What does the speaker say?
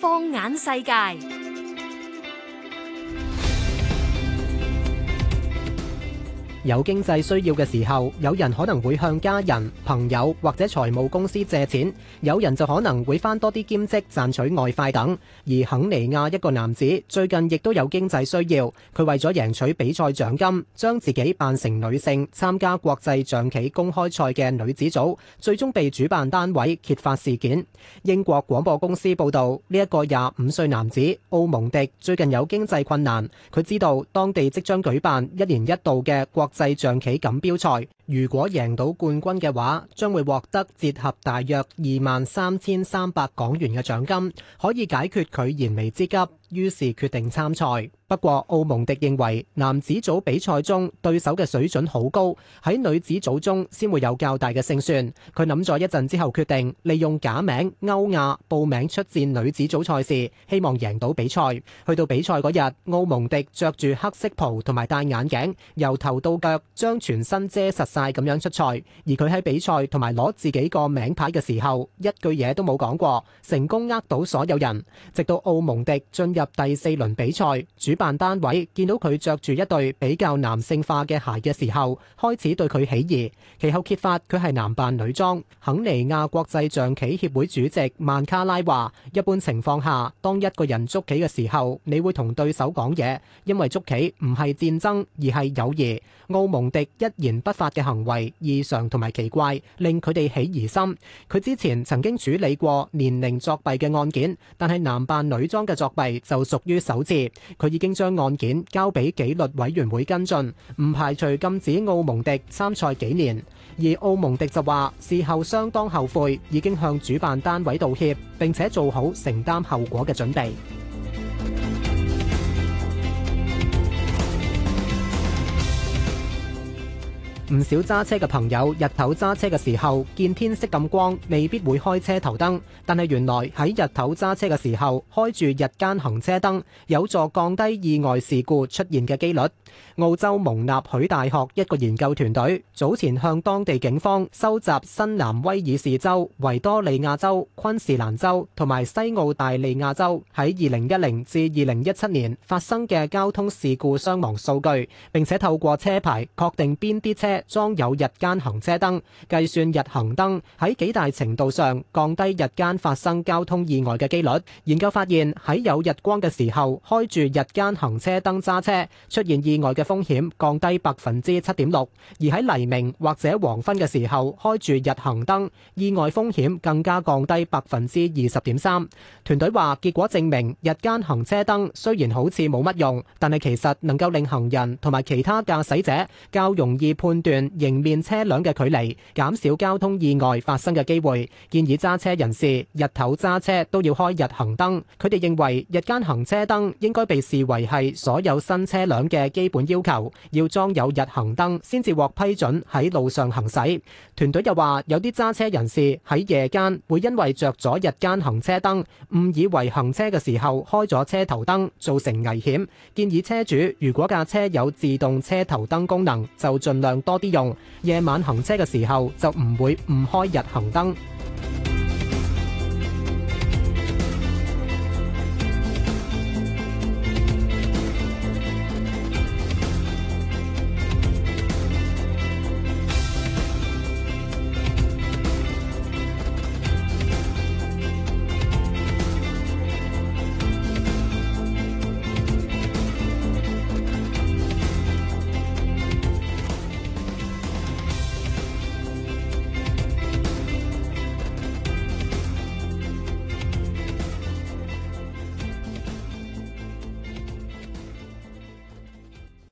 放眼世界。有經濟需要嘅時候，有人可能會向家人、朋友或者財務公司借錢，有人就可能會返多啲兼職賺取外快等。而肯尼亞一個男子最近亦都有經濟需要，佢為咗贏取比賽獎金，將自己扮成女性參加國際象棋公開賽嘅女子組，最終被主辦單位揭發事件。英國廣播公司報導，呢一個廿五歲男子奧蒙迪最近有經濟困難，佢知道當地即將舉辦一年一度嘅國國際象棋錦標賽。如果贏到冠軍嘅話，將會獲得折合大約二萬三千三百港元嘅獎金，可以解決佢燃眉之急。於是決定參賽。不過奧蒙迪認為男子組比賽中對手嘅水準好高，喺女子組中先會有較大嘅勝算。佢諗咗一陣之後，決定利用假名歐亞報名出戰女子組賽事，希望贏到比賽。去到比賽嗰日，奧蒙迪着住黑色袍同埋戴眼鏡，由頭到腳將全身遮實。晒咁樣出賽，而佢喺比賽同埋攞自己個名牌嘅時候，一句嘢都冇講過，成功呃到所有人。直到奧蒙迪進入第四輪比賽，主辦單位見到佢着住一對比較男性化嘅鞋嘅時候，開始對佢起疑。其後揭發佢係男扮女裝。肯尼亞國際象棋協會主席曼卡拉話：「一般情況下，當一個人捉棋嘅時候，你會同對手講嘢，因為捉棋唔係戰爭，而係友誼。奧蒙迪一言不發嘅。行為異常同埋奇怪，令佢哋起疑心。佢之前曾經處理過年齡作弊嘅案件，但係男扮女裝嘅作弊就屬於首次。佢已經將案件交俾紀律委員會跟進，唔排除禁止奧蒙迪參賽幾年。而奧蒙迪就話，事後相當後悔，已經向主辦單位道歉，並且做好承擔後果嘅準備。唔少揸車嘅朋友，日頭揸車嘅時候見天色咁光，未必會開車頭燈。但係原來喺日頭揸車嘅時候開住日間行車燈，有助降低意外事故出現嘅機率。澳洲蒙納許大學一個研究團隊早前向當地警方收集新南威爾士州、維多利亞州、昆士蘭州同埋西澳大利亞州喺2010至2017年發生嘅交通事故傷亡數據，並且透過車牌確定邊啲車。裝有日間行車燈，計算日行燈喺幾大程度上降低日間發生交通意外嘅機率。研究發現喺有日光嘅時候開住日間行車燈揸車，出現意外嘅風險降低百分之七點六；而喺黎明或者黃昏嘅時候開住日行燈，意外風險更加降低百分之二十點三。團隊話，結果證明日間行車燈雖然好似冇乜用，但係其實能夠令行人同埋其他駕駛者較容易判段迎面車輛嘅距離，減少交通意外發生嘅機會。建議揸車人士日頭揸車都要開日行燈。佢哋認為日間行車燈應該被視為係所有新車輛嘅基本要求，要裝有日行燈先至獲批准喺路上行駛。團隊又話，有啲揸車人士喺夜間會因為着咗日間行車燈，誤以為行車嘅時候開咗車頭燈，造成危險。建議車主如果架車有自動車頭燈功能，就盡量多。多啲用，夜晚行車嘅時候就唔會唔開日行燈。